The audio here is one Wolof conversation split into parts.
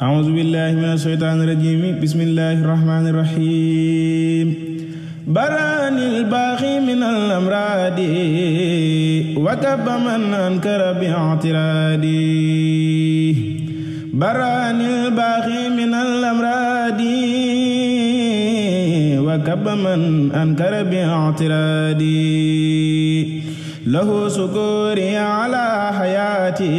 أعوذ بالله من الشيطان الرجيم بسم الله الرحمن الرحيم بران الباغي من الأمراض وكب من أنكر باعترادي بران الباغي من الأمراض وكب من أنكر باعترادي له سكوري على حياتي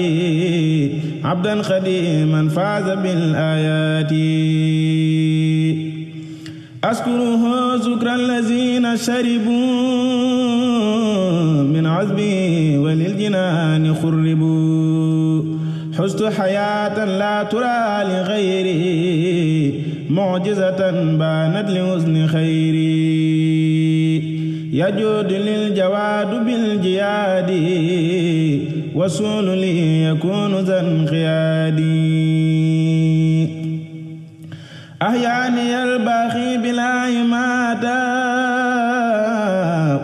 عبدا خديما فاز بالآيات أشكره شكر الذين شربوا من عذبي وللجنان خربوا حزت حياة لا ترى لغيري معجزة بانت لحزن خيري يجود للجواد بالجياد وصول لي يكون ذا انقيادي أحياني الباخي بلا يماتا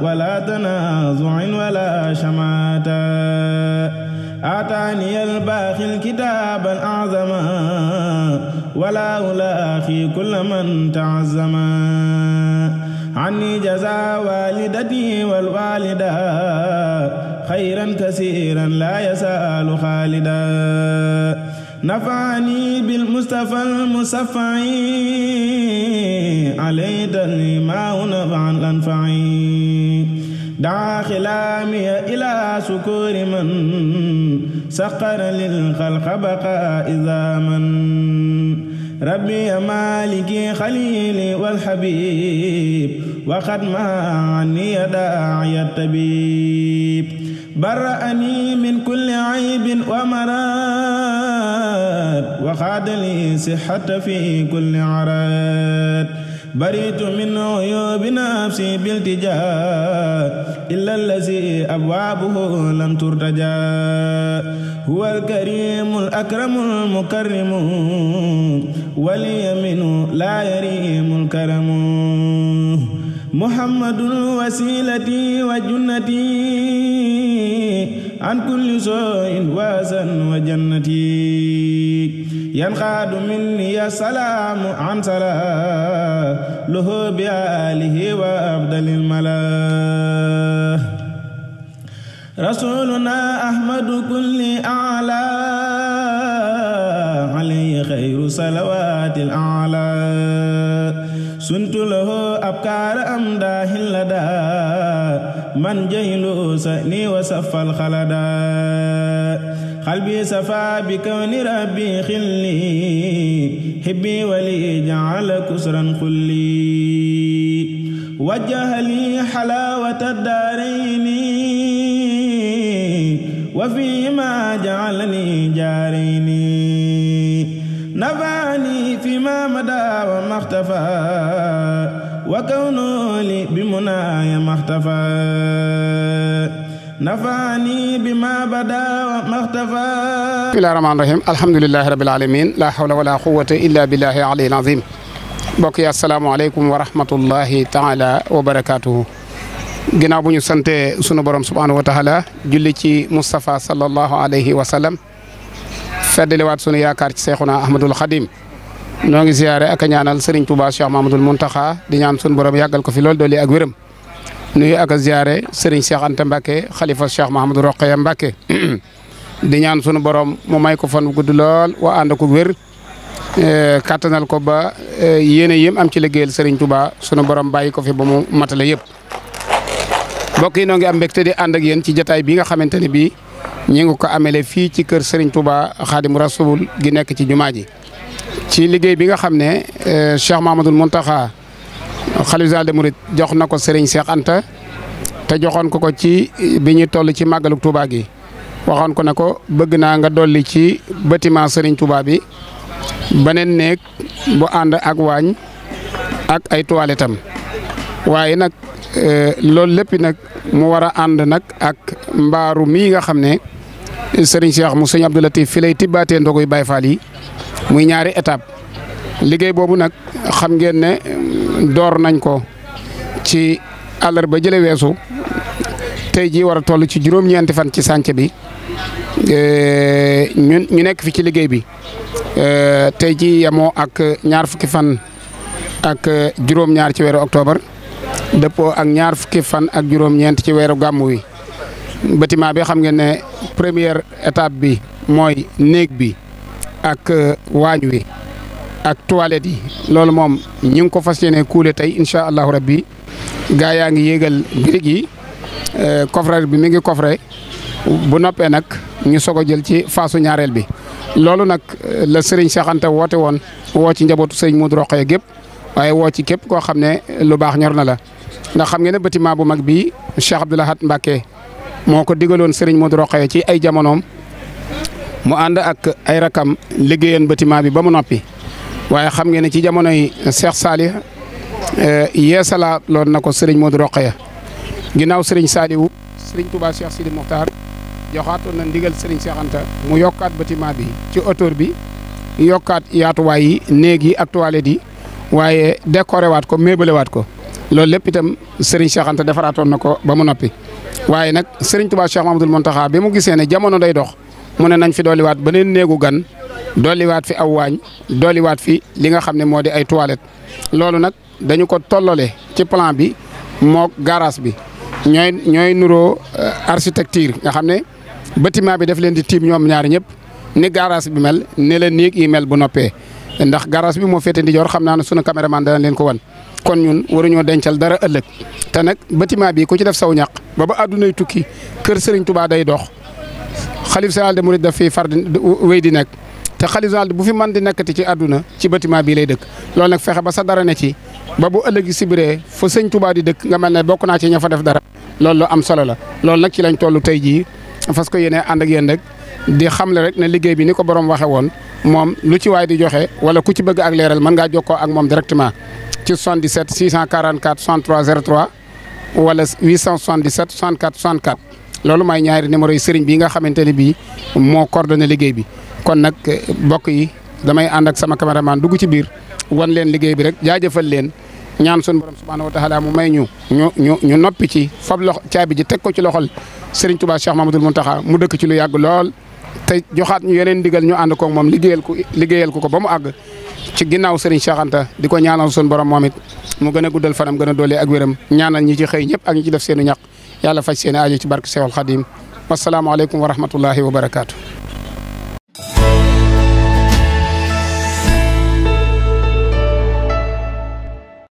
ولا تنازع ولا شماتا أعطاني الباخي الكتاب الأعظم ولا ألاخي كل من تعزما anni jaza walidati wal walida xayran kasiran la yasalu xaalida nafaani bil mustafa al musafai alaytani ma nafa al anfai daa xilaamiya ila sukuuri man saqara lil xalqa baqa iza man ربي مالكي خليلي والحبيب وقد معني داعي الطبيب برأني من كل عيب ومراد وخاد لي صحة في كل عراد بريت من عيوب نفسي بالتجاه إلا الذي أبوابه لم ترتجى هو الكريم الأكرم المكرم ولي منه لا يريم الكرم محمد وسيلتي وجنتي عن كل سوء وازن وجنتي ينقاد مني السلام عن سلام له بآله وأفضل الملائكة رسولنا أحمد كل أعلى عليه خير صلوات الأعلى سنت له أبكار أمداه لدى من جيل سأني وسف الخلدا قلبي سفى بكون ربي خلي حبي ولي جعل كسرا خلي وجه لي حلاوة الدارين وفيما جعلني جاريني نفعني فيما مدى وما اختفى وكونه لي بمنايا ما اختفى nafaani bi ma badaa maxtafa bismillaahi rahmaani rahiim alhamdulillaahi rabbil aalamiin laa hawla wala quwwata illaa billaahi aliyil aziim mbokk yi asalaamaaleykum wa rahmatullaahi taala wa barakaatuhu ginnaaw bu ñu sante sunu borom subhaanahu wa taala julli ci Moustapha sallallahu alayhi wa sallam feddaliwaat sunu yaakaar ci seexuna Ahmadul Xadim noo ngi ziyaare ak a ñaanal Serigne Touba Cheikh Mamadul Muntaxa di ñaan sunu borom yàggal ko fi lool dooli ak wéram nuyu ak a ziyaare Serigne Cheikh Anta Mbacke xalifa Cheikh Mahamadou Roqaya Mbacke di ñaan sunu borom mu may ko fan bu lool waa ànd ko wér eh, kattanal ko ba eh, yéene yëm am ci liggéeyal Serigne Touba sunu borom bàyyi ko fi ba mu matale yëpp. mbokk yi noo ngi am mbégte di ànd ak yéen ci jataay bi nga xamante ne bii ñi ngi ko amele fii ci kër Serigne Touba Xaadimu Rasul gi nekk ci jumaa ji ci liggéey bi nga xam ne euh, Cheikh Mahamadoul Mountakha xalifa général des mourides jox na ko sëriñ Cheikh Anta te joxoon ko ko ci bi ñuy toll ci màggalu Touba gi waxoon ko na ko bëgg naa nga dolli ci bâtiment Serigne Touba bi beneen néeg bu ànd ak waañ ak ay toilettes waaye nag Eh, loolu lépp nag mu war a ànd nag ak mbaaru mii nga xam ne Serigne Cheikh mu sëñ Abdou Latif fi lay tibbaatee ndoguy Baye Fall yi muy ñaari étape liggéey boobu nag xam ngeen ne mm, door nañ ko ci àllarba jële weesu tey jii war a toll ci juróom-ñeenti fan ci sànc bi eh, ñun ñu nekk fi ci liggéey bi eh, tey jii yamoo ak ñaar fukki fan ak juróom-ñaar ci weeru octobre. dëppoo ak ñaar fukki fan ak juróom-ñeent ci weeru gàmmu wi bâtiment bi xam ngeen ne première étape bi mooy néeg bi ak euh, waañ wi ak toilette yi loolu moom ñi ngi ko fas yéene kuule tey incha allahu rabbi gaa yaa ngi yéegal birig yi euh, coffre bi mi ngi coffre bu noppee nag ñu soog a jël ci faasu ñaareel bi loolu nag euh, la Serigne Cheikh woote woon woo ci njabootu Serigne Modou Rokhaya gépp waaye woo ci képp koo xam ne lu baax ñor na la ndax xam ngeen ne bâtiment bu mag bii Cheikh Abdoul Ahad Mbacké moo ko digaloon Serigne Modou Rokhaya ci ay jamonoom mu ànd ak ay rakam liggéeyan bâtiment bi ba mu noppi waaye xam ngeen ne ci jamonoy Cheikh Salih eh, yeesalaat loon na ko Serigne Modou Rokhaya ginnaaw Serigne Saliou Serigne Touba Cheikh Sidi Mokhtar joxaatoon na ndigal Serigne Cheikh mu yokkaat bâtiment bi ci hauteur bi yokkaat yaatuwaay yi néegi yi ak toilettes yi waaye décoré waat ko mébale ko. loolu lépp itam Serigne Cheikh defaraatoon na ko ba mu noppi waaye nag Serigne Touba Cheikh Mamadou Mountakha bi mu gisee ne jamono day dox mu ne nañ fi dolliwaat beneen néegu gan dolliwaat fi aw waañ dolliwaat fi li nga xam ne moo di ay toilettes loolu nag dañu ko tolloole ci plan bi moog garage bi ñooy ñooy nuroo euh, architecture nga xam ne bâtiment bi daf leen di tiim ñoom ñaar ñëpp ni garage bi mel ne la néeg yi mel bu noppee ndax garage bi moo féete ndijoor xam naa ne sunu caméraman dana leen ko wan. kon ñun waruñoo dencal dara ëllëg te nag bâtiment bii ku ci def saw ñaq ba ba àddunay tukki kër Serigne tubaa day dox xalif général des mourides daf fi far di wéy di nekk te xalif général bu fi man di nekkati ci àdduna ci bâtiment bii lay dëkk loolu nag fexe ba sa dara ne ci ba bu ëllëg si biiree fa sëñ tubaa di dëkk nga mel na bokk naa ci ña fa def dara loolu lu am solo la loolu nag ci lañ tollu tey jii fas ko yéene ànd ak yéen rek di xamle rek ne liggéey bi ni ko borom waxee woon moom lu ci waay di joxe wala ku ci bëgg ak leeral mën ak moom directement. ci 77 644 63 03 wala 877 64 64 loolu mooy ñaari numéro yi sëriñ bi nga xamante ne bii moo coordonné liggéey bi kon nag eh, mbokk yi damay ànd ak sama caméraman dugg ci biir wan leen liggéey bi rek jaajëfal leen ñaan sun borom subhaanahu wa taala mu may ñu ñu ñu ñu noppi ci fab loxo caabi ji teg ko ci loxol sëriñ Touba Cheikh Mamadou Mountakha mu dëkk ci lu yàgg lool. te joxaat ñu yeneen digal ñu ànd koog moom liggéeyal ko liggéeyal ko ko ba mu àgg ci ginnaaw Serigne Cheikh Anta di ko ñaanal suñu borom moom it mu gën a guddal fanam gën a doole ak wéram ñaanal ñi ci xëy ñëpp ak ñi ci def seeni ñaq yàlla faj seen aajo ci barke Sewal Xadim wasalaamaaleykum wa rahmatullahi wa barakaatu.